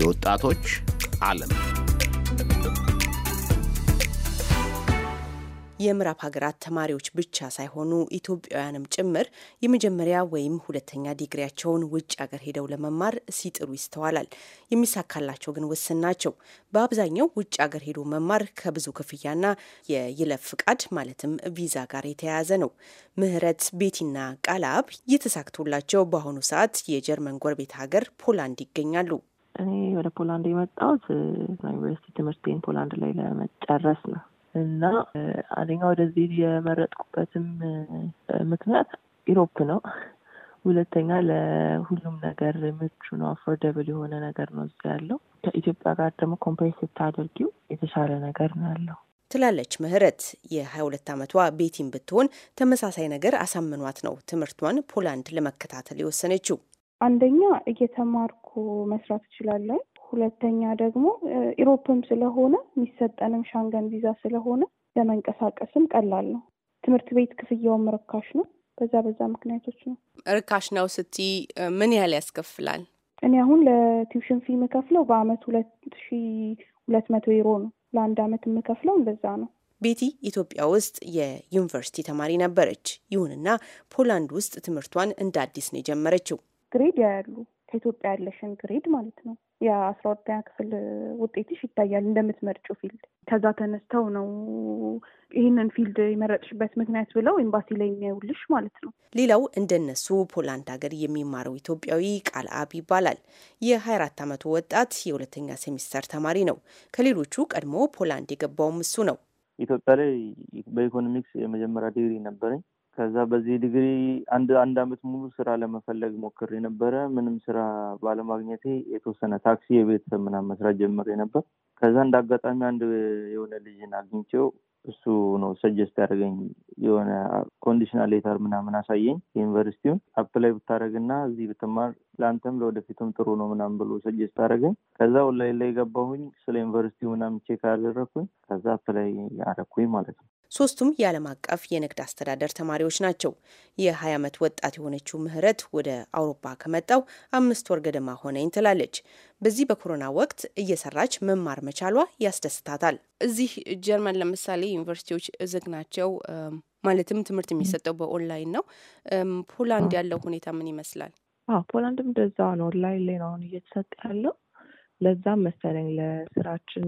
የወጣቶች ዓለም የምዕራብ ሀገራት ተማሪዎች ብቻ ሳይሆኑ ኢትዮጵያውያንም ጭምር የመጀመሪያ ወይም ሁለተኛ ዲግሪያቸውን ውጭ አገር ሄደው ለመማር ሲጥሩ ይስተዋላል። የሚሳካላቸው ግን ውስን ናቸው። በአብዛኛው ውጭ አገር ሄዶ መማር ከብዙ ክፍያና የይለፍ ፍቃድ ማለትም ቪዛ ጋር የተያያዘ ነው። ምህረት ቤቲና ቃላብ የተሳክቶላቸው በአሁኑ ሰዓት የጀርመን ጎረቤት ሀገር ፖላንድ ይገኛሉ። እኔ ወደ ፖላንድ የመጣሁት ዩኒቨርሲቲ ትምህርቴን ፖላንድ ላይ ለመጨረስ ነው እና አንደኛ ወደዚህ የመረጥኩበትም ምክንያት ኢሮፕ ነው። ሁለተኛ ለሁሉም ነገር ምቹ ነው። አፎርደብል የሆነ ነገር ነው እዚ ያለው። ከኢትዮጵያ ጋር ደግሞ ኮምፔር ስታደርጊው የተሻለ ነገር ነው ያለው ትላለች ምህረት። የ22 ዓመቷ ቤቲም ብትሆን ተመሳሳይ ነገር አሳምኗት ነው ትምህርቷን ፖላንድ ለመከታተል የወሰነችው። አንደኛ እየተማርኩ መስራት እችላለሁ። ሁለተኛ ደግሞ ኢሮፕም ስለሆነ የሚሰጠንም ሻንገን ቪዛ ስለሆነ ለመንቀሳቀስም ቀላል ነው። ትምህርት ቤት ክፍያውም ርካሽ ነው። በዛ በዛ ምክንያቶች ነው። ርካሽ ነው ስቲ ምን ያህል ያስከፍላል? እኔ አሁን ለቲውሽን ፊ የምከፍለው በአመት ሁለት ሺ ሁለት መቶ ዩሮ ነው። ለአንድ አመት የምከፍለው እንደዛ ነው። ቤቲ ኢትዮጵያ ውስጥ የዩኒቨርሲቲ ተማሪ ነበረች። ይሁንና ፖላንድ ውስጥ ትምህርቷን እንደ አዲስ ነው የጀመረችው። ግሬድ ያያሉ ከኢትዮጵያ ያለሽን ግሬድ ማለት ነው የአስራ ሁለተኛ ክፍል ውጤትሽ ይታያል እንደምትመርጩ ፊልድ። ከዛ ተነስተው ነው ይህንን ፊልድ የመረጥሽበት ምክንያት ብለው ኤምባሲ ላይ የሚያውልሽ ማለት ነው። ሌላው እንደነሱ ፖላንድ ሀገር የሚማረው ኢትዮጵያዊ ቃል አብ ይባላል። የ24 ዓመቱ ወጣት የሁለተኛ ሴሚስተር ተማሪ ነው። ከሌሎቹ ቀድሞ ፖላንድ የገባውም እሱ ነው። ኢትዮጵያ ላይ በኢኮኖሚክስ የመጀመሪያ ዲግሪ ነበረኝ። ከዛ በዚህ ዲግሪ አንድ አንድ አመት ሙሉ ስራ ለመፈለግ ሞክር የነበረ ምንም ስራ ባለማግኘቴ የተወሰነ ታክሲ፣ የቤተሰብ ምናምን መስራት ጀምሬ ነበር። ከዛ እንደ አጋጣሚ አንድ የሆነ ልጅን አግኝቼው እሱ ነው ሰጀስት ያደርገኝ የሆነ ኮንዲሽናል ሌተር ምናምን አሳየኝ። ዩኒቨርሲቲውን አፕላይ ብታደረግና እዚህ ብትማር ለአንተም ለወደፊቱም ጥሩ ነው ምናምን ብሎ ሰጀስት አደረገኝ። ከዛ ኦንላይን ላይ ገባሁኝ። ስለ ዩኒቨርሲቲ ምናምን ቼክ አደረግኩኝ። ከዛ አፕላይ አረኩኝ ማለት ነው። ሶስቱም የዓለም አቀፍ የንግድ አስተዳደር ተማሪዎች ናቸው። የ20 ዓመት ወጣት የሆነችው ምህረት ወደ አውሮፓ ከመጣው አምስት ወር ገደማ ሆነኝ ትላለች። በዚህ በኮሮና ወቅት እየሰራች መማር መቻሏ ያስደስታታል። እዚህ ጀርመን ለምሳሌ ዩኒቨርሲቲዎች ዝግ ናቸው። ማለትም ትምህርት የሚሰጠው በኦንላይን ነው። ፖላንድ ያለው ሁኔታ ምን ይመስላል? ፖላንድም እንደዛው ነው። ኦንላይን ላይ ነው አሁን እየተሰጠ ያለው። ለዛም መሰለኝ ለስራችን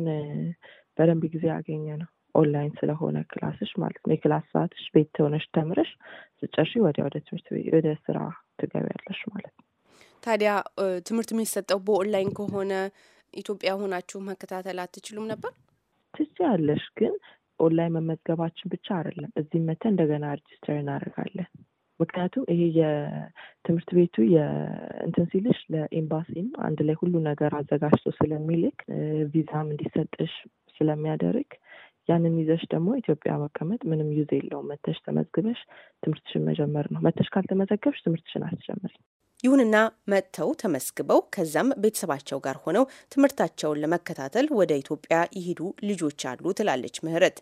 በደንብ ጊዜ ያገኘ ነው። ኦንላይን ስለሆነ ክላስሽ ማለት ነው። የክላስ ሰዓትሽ ቤት ተሆነሽ ተምረሽ ስጨርሽ ወዲያ ወደ ትምህርት ቤት ወደ ስራ ትገቢያለሽ ማለት ነው። ታዲያ ትምህርት የሚሰጠው በኦንላይን ከሆነ ኢትዮጵያ ሆናችሁ መከታተል አትችሉም ነበር? ትችያለሽ፣ ግን ኦንላይን መመዝገባችን ብቻ አይደለም። እዚህ መተን እንደገና ሬጅስተር እናደርጋለን። ምክንያቱም ይሄ የትምህርት ቤቱ የእንትን ሲልሽ ለኤምባሲም አንድ ላይ ሁሉ ነገር አዘጋጅቶ ስለሚልክ ቪዛም እንዲሰጥሽ ስለሚያደርግ ያንን ይዘሽ ደግሞ ኢትዮጵያ መቀመጥ ምንም ዩዝ የለውም። መተሽ ተመዝግበሽ ትምህርትሽን መጀመር ነው። መተሽ ካልተመዘገብሽ ትምህርትሽን አትጀምሪም። ይሁንና መጥተው ተመስግበው ከዛም ቤተሰባቸው ጋር ሆነው ትምህርታቸውን ለመከታተል ወደ ኢትዮጵያ ይሄዱ ልጆች አሉ ትላለች ምህረት።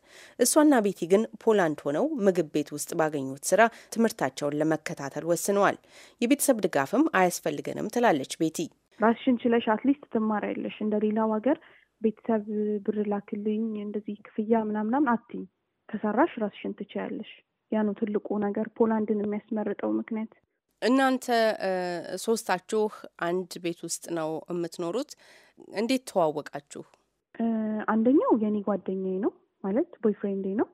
እሷና ቤቲ ግን ፖላንድ ሆነው ምግብ ቤት ውስጥ ባገኙት ስራ ትምህርታቸውን ለመከታተል ወስነዋል። የቤተሰብ ድጋፍም አያስፈልገንም ትላለች ቤቲ። ራስሽን ችለሽ አትሊስት ትማሪያለሽ። እንደ ሌላው ሀገር ቤተሰብ ብር ላክልኝ እንደዚህ ክፍያ ምናምናም አትኝ። ከሰራሽ ራስሽን ትችያለሽ። ያ ነው ትልቁ ነገር ፖላንድን የሚያስመርጠው ምክንያት። እናንተ ሶስታችሁ አንድ ቤት ውስጥ ነው የምትኖሩት። እንዴት ተዋወቃችሁ? አንደኛው የኔ ጓደኛዬ ነው ማለት ቦይፍሬንዴ ነው።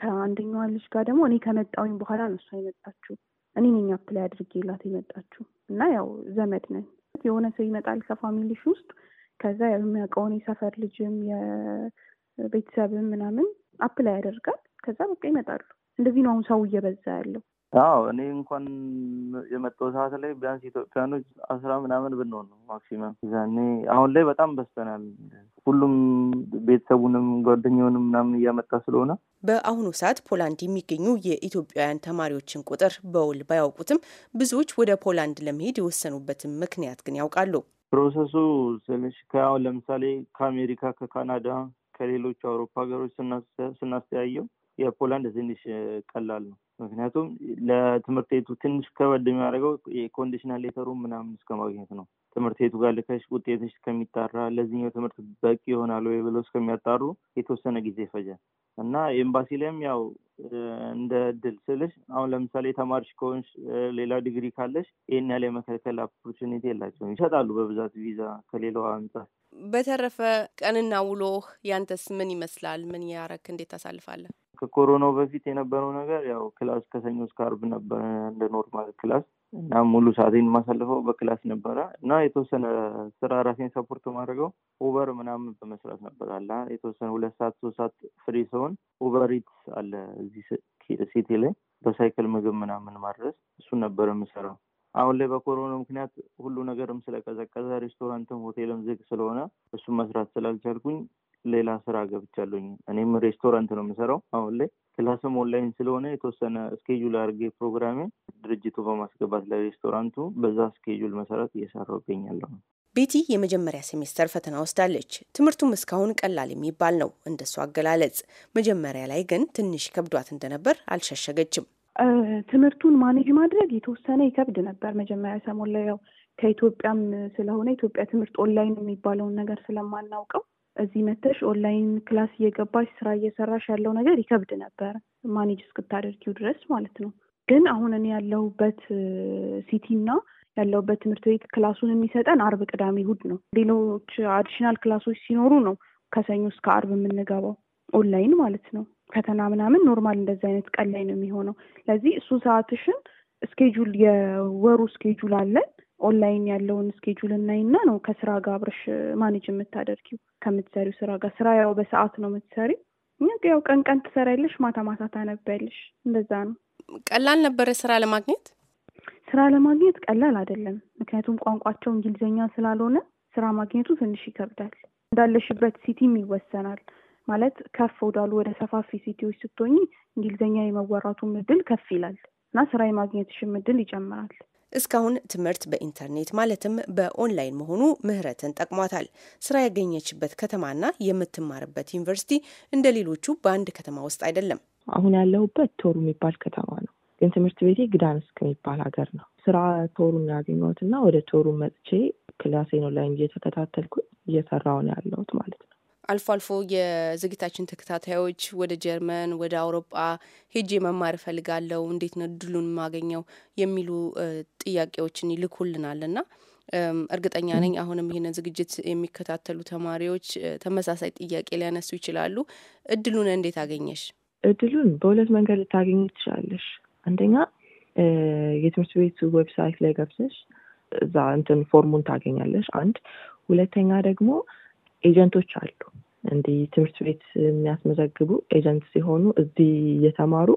ከአንደኛዋ ልጅ ጋር ደግሞ እኔ ከመጣውኝ በኋላ ነው እሷ የመጣችሁ። እኔ ነኝ አፕላይ አድርጌላት የመጣችሁ እና ያው ዘመድ ነን። የሆነ ሰው ይመጣል ከፋሚሊሽ ውስጥ ከዛ የሚያውቀውን የሰፈር ልጅም የቤተሰብም ምናምን አፕላይ ያደርጋል። ከዛ በቃ ይመጣሉ። እንደዚህ ነው አሁን ሰው እየበዛ ያለው። አዎ እኔ እንኳን የመጣው ሰዓት ላይ ቢያንስ ኢትዮጵያኖች አስራ ምናምን ብንሆን ነው ማክሲመም። ዛኔ አሁን ላይ በጣም በስተናል። ሁሉም ቤተሰቡንም ጓደኛውንም ምናምን እያመጣ ስለሆነ በአሁኑ ሰዓት ፖላንድ የሚገኙ የኢትዮጵያውያን ተማሪዎችን ቁጥር በውል ባያውቁትም ብዙዎች ወደ ፖላንድ ለመሄድ የወሰኑበትን ምክንያት ግን ያውቃሉ። ፕሮሰሱ ትንሽ ከአሁን ለምሳሌ ከአሜሪካ፣ ከካናዳ፣ ከሌሎች አውሮፓ ሀገሮች ስናስተያየው የፖላንድ ትንሽ ቀላል ነው። ምክንያቱም ለትምህርት ቤቱ ትንሽ ከበድ የሚያደርገው የኮንዲሽናል ሌተሩ ምናምን እስከ ማግኘት ነው። ትምህርት ቤቱ ጋር ልከሽ ውጤትሽ እስከሚጣራ ለዚህኛው ትምህርት በቂ ይሆናል ወይ ብለው እስከሚያጣሩ የተወሰነ ጊዜ ይፈጃል እና ኤምባሲ ላይም ያው እንደ ድል ስልሽ አሁን ለምሳሌ ተማሪሽ ከሆንሽ ሌላ ዲግሪ ካለሽ ይህን ያለ የመከልከል ኦፖርቹኒቲ የላቸውም። ይሰጣሉ በብዛት ቪዛ ከሌላዋ አንጻር በተረፈ ቀንና ውሎህ ያንተስ ምን ይመስላል? ምን ያረክ? እንዴት ታሳልፋለህ? ከኮሮናው በፊት የነበረው ነገር ያው ክላስ ከሰኞ እስከ አርብ ነበረ እንደ ኖርማል ክላስ እና ሙሉ ሰዓቴን የማሳልፈው በክላስ ነበረ እና የተወሰነ ስራ ራሴን ሰፖርት ማድረገው ኡበር ምናምን በመስራት ነበር አለ የተወሰነ ሁለት ሰዓት ሶስት ሰዓት ፍሪ ሲሆን ኡበር ኢትስ አለ እዚህ ሲቲ ላይ በሳይክል ምግብ ምናምን ማድረስ እሱን ነበረ የምሰራው። አሁን ላይ በኮሮና ምክንያት ሁሉ ነገርም ስለቀዘቀዘ ሬስቶራንትም ሆቴልም ዝግ ስለሆነ እሱም መስራት ስላልቻልኩኝ ሌላ ስራ ገብቻለኝ። እኔም ሬስቶራንት ነው የምሰራው አሁን ላይ ክላስም ኦንላይን ስለሆነ የተወሰነ እስኬጁል አድርጌ ፕሮግራሜ ድርጅቱ በማስገባት ለሬስቶራንቱ በዛ እስኬጁል መሰረት እየሰራው ይገኛለሁ። ቤቲ የመጀመሪያ ሴሜስተር ፈተና ወስዳለች። ትምህርቱም እስካሁን ቀላል የሚባል ነው እንደሱ አገላለጽ። መጀመሪያ ላይ ግን ትንሽ ከብዷት እንደነበር አልሸሸገችም። ትምህርቱን ማኔጅ ማድረግ የተወሰነ ይከብድ ነበር መጀመሪያ ሰሞን ላይ ያው ከኢትዮጵያም ስለሆነ ኢትዮጵያ ትምህርት ኦንላይን የሚባለውን ነገር ስለማናውቀው እዚህ መተሽ ኦንላይን ክላስ እየገባሽ ስራ እየሰራሽ ያለው ነገር ይከብድ ነበር ማኔጅ እስክታደርጊው ድረስ ማለት ነው። ግን አሁን እኔ ያለሁበት ሲቲ እና ያለሁበት ትምህርት ቤት ክላሱን የሚሰጠን አርብ፣ ቅዳሜ፣ ሁድ ነው። ሌሎች አዲሽናል ክላሶች ሲኖሩ ነው ከሰኞ እስከ አርብ የምንገባው ኦንላይን ማለት ነው። ፈተና ምናምን ኖርማል እንደዚህ አይነት ቀን ላይ ነው የሚሆነው። ለዚህ እሱ ሰዓትሽን ስኬጁል የወሩ ስኬጁል አለን ኦንላይን ያለውን ስኬጁል እናይና ነው ከስራ ጋር አብረሽ ማኔጅ የምታደርጊው ከምትሰሪው ስራ ጋር። ስራ ያው በሰዓት ነው የምትሰሪው። ያው ቀን ቀን ትሰሪያለሽ፣ ማታ ማታ ታነቢያለሽ። እንደዛ ነው። ቀላል ነበረ ስራ ለማግኘት ስራ ለማግኘት ቀላል አይደለም። ምክንያቱም ቋንቋቸው እንግሊዝኛ ስላልሆነ ስራ ማግኘቱ ትንሽ ይከብዳል። እንዳለሽበት ሲቲም ይወሰናል። ማለት ከፍ ወዳሉ ወደ ሰፋፊ ሲቲዎች ስትሆኝ እንግሊዝኛ የመወራቱ ምድል ከፍ ይላል እና ስራ የማግኘትሽም ምድል ይጨምራል። እስካሁን ትምህርት በኢንተርኔት ማለትም በኦንላይን መሆኑ ምህረትን ጠቅሟታል። ስራ ያገኘችበት ከተማና የምትማርበት ዩኒቨርሲቲ እንደ ሌሎቹ በአንድ ከተማ ውስጥ አይደለም። አሁን ያለሁበት ቶሩ የሚባል ከተማ ነው፣ ግን ትምህርት ቤቴ ግዳንስክ የሚባል ሀገር ነው። ስራ ቶሩን ያገኘሁትና ወደ ቶሩ መጥቼ ክላሴን ኦንላይን እየተከታተልኩ እየሰራሁ ነው ያለሁት ማለት ነው። አልፎ አልፎ የዝግታችን ተከታታዮች ወደ ጀርመን፣ ወደ አውሮጳ ሄጄ መማር እፈልጋለሁ፣ እንዴት ነው ድሉን የማገኘው የሚሉ ጥያቄዎችን ይልኩልናል እና እርግጠኛ ነኝ አሁንም ይህንን ዝግጅት የሚከታተሉ ተማሪዎች ተመሳሳይ ጥያቄ ሊያነሱ ይችላሉ። እድሉን እንዴት አገኘሽ? እድሉን በሁለት መንገድ ልታገኝ ትችላለሽ። አንደኛ የትምህርት ቤቱ ዌብሳይት ላይ ገብተሽ እዛ እንትን ፎርሙን ታገኛለሽ። አንድ ሁለተኛ ደግሞ ኤጀንቶች አሉ እንዲህ ትምህርት ቤት የሚያስመዘግቡ ኤጀንት ሲሆኑ እዚህ የተማሩ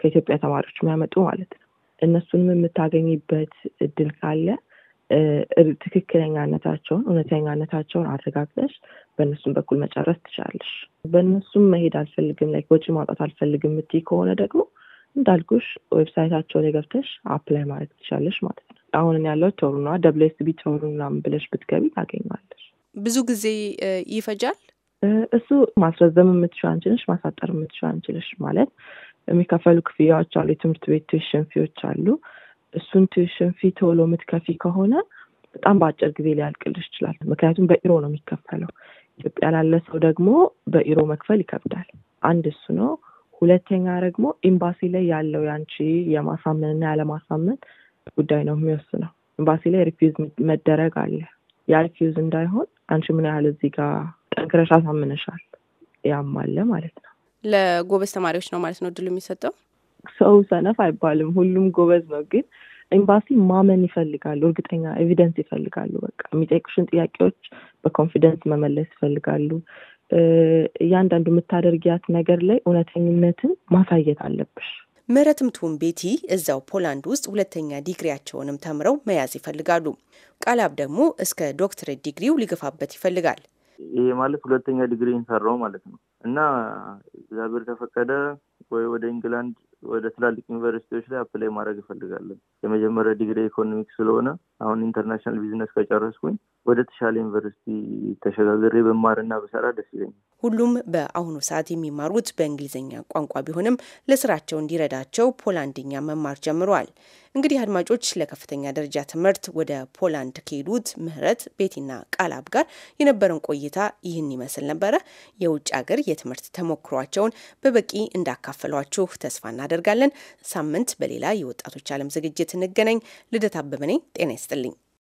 ከኢትዮጵያ ተማሪዎች የሚያመጡ ማለት ነው። እነሱንም የምታገኝበት እድል ካለ ትክክለኛነታቸውን እውነተኛነታቸውን አረጋግጠሽ በእነሱም በኩል መጨረስ ትችላለሽ። በእነሱም መሄድ አልፈልግም ላይ ወጪ ማውጣት አልፈልግም የምትይ ከሆነ ደግሞ እንዳልኩሽ ዌብሳይታቸው ላይ ገብተሽ አፕላይ ማለት ትችላለሽ ማለት ነው። አሁን ያለው ቶሩና ደብሊው ቶሩና ብለሽ ብትገቢ ታገኘዋለሽ። ብዙ ጊዜ ይፈጃል እሱ ማስረዘም የምትችው አንችልሽ፣ ማሳጠር የምትችው አንችልሽ። ማለት የሚከፈሉ ክፍያዎች አሉ። የትምህርት ቤት ትዊሽን ፊዎች አሉ። እሱን ትዊሽን ፊ ቶሎ የምትከፊ ከሆነ በጣም በአጭር ጊዜ ሊያልቅልሽ ይችላል። ምክንያቱም በኢሮ ነው የሚከፈለው። ኢትዮጵያ ላለ ሰው ደግሞ በኢሮ መክፈል ይከብዳል። አንድ እሱ ነው። ሁለተኛ ደግሞ ኤምባሲ ላይ ያለው ያንቺ የማሳመንና ያለማሳመን ጉዳይ ነው የሚወስነው። ኤምባሲ ላይ ሪፊዝ መደረግ አለ። ያ እንዳይሆን አንቺ ምን ያህል እዚህ ጋር ጠንክረሽ አሳምነሻል። ያም አለ ማለት ነው። ለጎበዝ ተማሪዎች ነው ማለት ነው እድሉ የሚሰጠው። ሰው ሰነፍ አይባልም፣ ሁሉም ጎበዝ ነው። ግን ኤምባሲ ማመን ይፈልጋሉ፣ እርግጠኛ ኤቪደንስ ይፈልጋሉ። በቃ የሚጠይቁሽን ጥያቄዎች በኮንፊደንስ መመለስ ይፈልጋሉ። እያንዳንዱ የምታደርጊያት ነገር ላይ እውነተኝነትን ማሳየት አለብሽ። ምረትም ቱን ቤቲ እዛው ፖላንድ ውስጥ ሁለተኛ ዲግሪያቸውንም ተምረው መያዝ ይፈልጋሉ። ቃላብ ደግሞ እስከ ዶክትሬት ዲግሪው ሊገፋበት ይፈልጋል። ይሄ ማለት ሁለተኛ ዲግሪን ሰራው ማለት ነው እና እግዚአብሔር ከፈቀደ ወይ ወደ ኢንግላንድ ወደ ትላልቅ ዩኒቨርሲቲዎች ላይ አፕላይ ማድረግ እፈልጋለን። የመጀመሪያ ዲግሪ ኢኮኖሚክ ስለሆነ አሁን ኢንተርናሽናል ቢዝነስ ከጨረስኩኝ ወደ ተሻለ ዩኒቨርሲቲ ተሸጋግሬ በማርና በሰራ ደስ ይለኛል። ሁሉም በአሁኑ ሰዓት የሚማሩት በእንግሊዝኛ ቋንቋ ቢሆንም ለስራቸው እንዲረዳቸው ፖላንድኛ መማር ጀምረዋል። እንግዲህ አድማጮች ለከፍተኛ ደረጃ ትምህርት ወደ ፖላንድ ከሄዱት ምህረት ቤቲና ቃላብ ጋር የነበረን ቆይታ ይህን ይመስል ነበረ። የውጭ ሀገር የትምህርት ተሞክሯቸውን በበቂ እንዳካፈሏችሁ ተስፋ እናደርጋለን። ሳምንት በሌላ የወጣቶች ዓለም ዝግጅት እንገናኝ። ልደት አበበ ነኝ። ጤና ይስጥልኝ።